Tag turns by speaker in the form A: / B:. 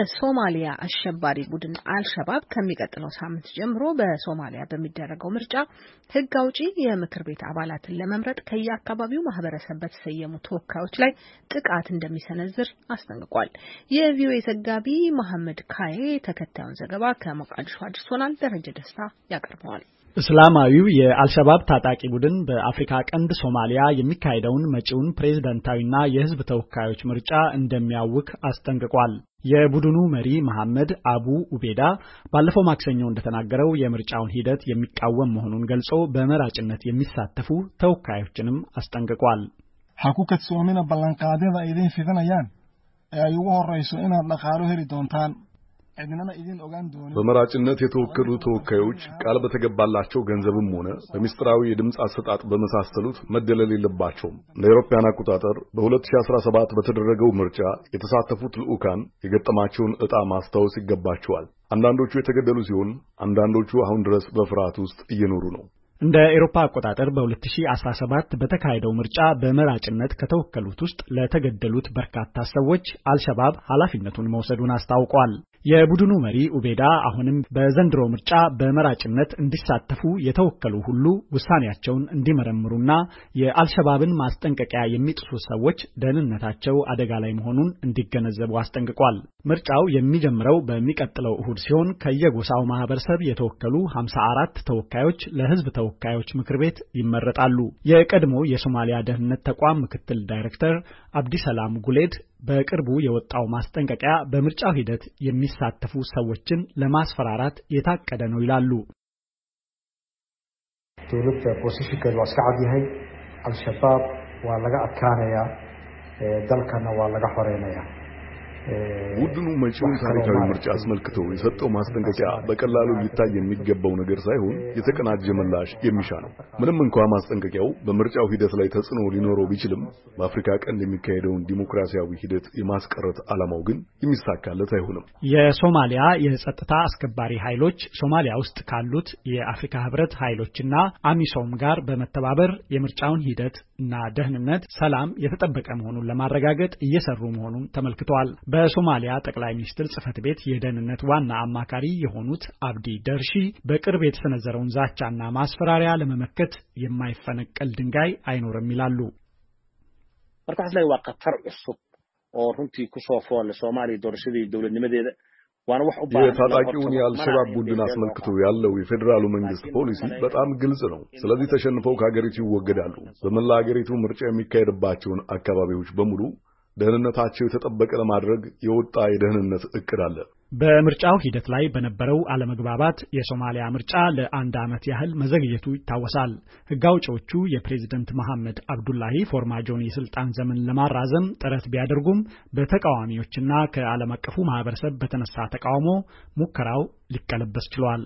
A: የሶማሊያ አሸባሪ ቡድን አልሸባብ ከሚቀጥለው ሳምንት ጀምሮ በሶማሊያ በሚደረገው ምርጫ ሕግ አውጪ የምክር ቤት አባላትን ለመምረጥ ከየአካባቢው ማህበረሰብ በተሰየሙ ተወካዮች ላይ ጥቃት እንደሚሰነዝር አስጠንቅቋል። የቪኦኤ ዘጋቢ መሐመድ ካዬ ተከታዩን ዘገባ ከሞቃዲሾ አድርሶናል። ደረጀ ደስታ
B: ያቀርበዋል። እስላማዊው የአልሸባብ ታጣቂ ቡድን በአፍሪካ ቀንድ ሶማሊያ የሚካሄደውን መጪውን ፕሬዝደንታዊና የሕዝብ ተወካዮች ምርጫ እንደሚያውክ አስጠንቅቋል። የቡድኑ መሪ መሐመድ አቡ ኡቤዳ ባለፈው ማክሰኞ እንደተናገረው የምርጫውን ሂደት የሚቃወም መሆኑን ገልጾ በመራጭነት የሚሳተፉ ተወካዮችንም አስጠንቅቋል።
A: ሀኩ ከትስኦሚነ ባላንቃዴዳ ኢዲን ፊደናያን አይ ሆረይሶ ኢናድ ደቃሎ ሄሪ ዶንታን በመራጭነት የተወከሉ ተወካዮች ቃል በተገባላቸው ገንዘብም ሆነ በሚስጥራዊ የድምፅ አሰጣጥ በመሳሰሉት መደለል የለባቸውም። እንደ አውሮፓውያን አቆጣጠር በ2017 በተደረገው ምርጫ የተሳተፉት ልዑካን የገጠማቸውን ዕጣ ማስታወስ ይገባቸዋል። አንዳንዶቹ የተገደሉ ሲሆን፣ አንዳንዶቹ አሁን ድረስ በፍርሃት ውስጥ እየኖሩ ነው።
B: እንደ ኤሮፓ አቆጣጠር በ2017 በተካሄደው ምርጫ በመራጭነት ከተወከሉት ውስጥ ለተገደሉት በርካታ ሰዎች አልሸባብ ኃላፊነቱን መውሰዱን አስታውቋል። የቡድኑ መሪ ኡቤዳ አሁንም በዘንድሮ ምርጫ በመራጭነት እንዲሳተፉ የተወከሉ ሁሉ ውሳኔያቸውን እንዲመረምሩና የአልሸባብን ማስጠንቀቂያ የሚጥሱ ሰዎች ደህንነታቸው አደጋ ላይ መሆኑን እንዲገነዘቡ አስጠንቅቋል። ምርጫው የሚጀምረው በሚቀጥለው እሁድ ሲሆን ከየጎሳው ማህበረሰብ የተወከሉ 54 ተወካዮች ለህዝብ ተወካዮች ምክር ቤት ይመረጣሉ። የቀድሞ የሶማሊያ ደህንነት ተቋም ምክትል ዳይሬክተር አብዲሰላም ጉሌድ በቅርቡ የወጣው ማስጠንቀቂያ በምርጫው ሂደት የሚሳተፉ ሰዎችን ለማስፈራራት የታቀደ ነው ይላሉ። አልሸባብ ዋ ለጋ አድካነያ ደልከና ዋ ለጋ ሆሬነያ
A: Eh, ቡድኑ መጪውን ታሪካዊ ምርጫ አስመልክቶ የሰጠው ማስጠንቀቂያ በቀላሉ ሊታይ የሚገባው ነገር ሳይሆን የተቀናጀ ምላሽ የሚሻ ነው። ምንም እንኳ ማስጠንቀቂያው በምርጫው ሂደት ላይ ተጽዕኖ ሊኖረው ቢችልም በአፍሪካ ቀንድ የሚካሄደውን ዲሞክራሲያዊ ሂደት የማስቀረት ዓላማው ግን የሚሳካለት አይሆንም።
B: የሶማሊያ የጸጥታ አስከባሪ ኃይሎች ሶማሊያ ውስጥ ካሉት የአፍሪካ ህብረት ኃይሎችና አሚሶም ጋር በመተባበር የምርጫውን ሂደት እና ደህንነት፣ ሰላም የተጠበቀ መሆኑን ለማረጋገጥ እየሰሩ መሆኑን ተመልክተዋል። በሶማሊያ ጠቅላይ ሚኒስትር ጽህፈት ቤት የደህንነት ዋና አማካሪ የሆኑት አብዲ ደርሺ በቅርብ የተሰነዘረውን ዛቻና ማስፈራሪያ ለመመከት የማይፈነቀል ድንጋይ አይኖርም ይላሉ። marka ላይ leeyahay waa khatar cusub oo runtii ku የታጣቂውን የአልሸባብ ቡድን አስመልክቶ
A: ያለው የፌዴራሉ መንግስት ፖሊሲ በጣም ግልጽ ነው። ስለዚህ ተሸንፈው ከሀገሪቱ ይወገዳሉ። በመላ ሀገሪቱ ምርጫ የሚካሄድባቸውን አካባቢዎች በሙሉ ደህንነታቸው የተጠበቀ ለማድረግ የወጣ የደህንነት እቅድ አለ።
B: በምርጫው ሂደት ላይ በነበረው አለመግባባት የሶማሊያ ምርጫ ለአንድ ዓመት ያህል መዘግየቱ ይታወሳል። ሕግ አውጪዎቹ የፕሬዝደንት መሐመድ አብዱላሂ ፎርማጆን የስልጣን ዘመን ለማራዘም ጥረት ቢያደርጉም በተቃዋሚዎችና ከዓለም አቀፉ ማህበረሰብ በተነሳ ተቃውሞ ሙከራው ሊቀለበስ ችሏል።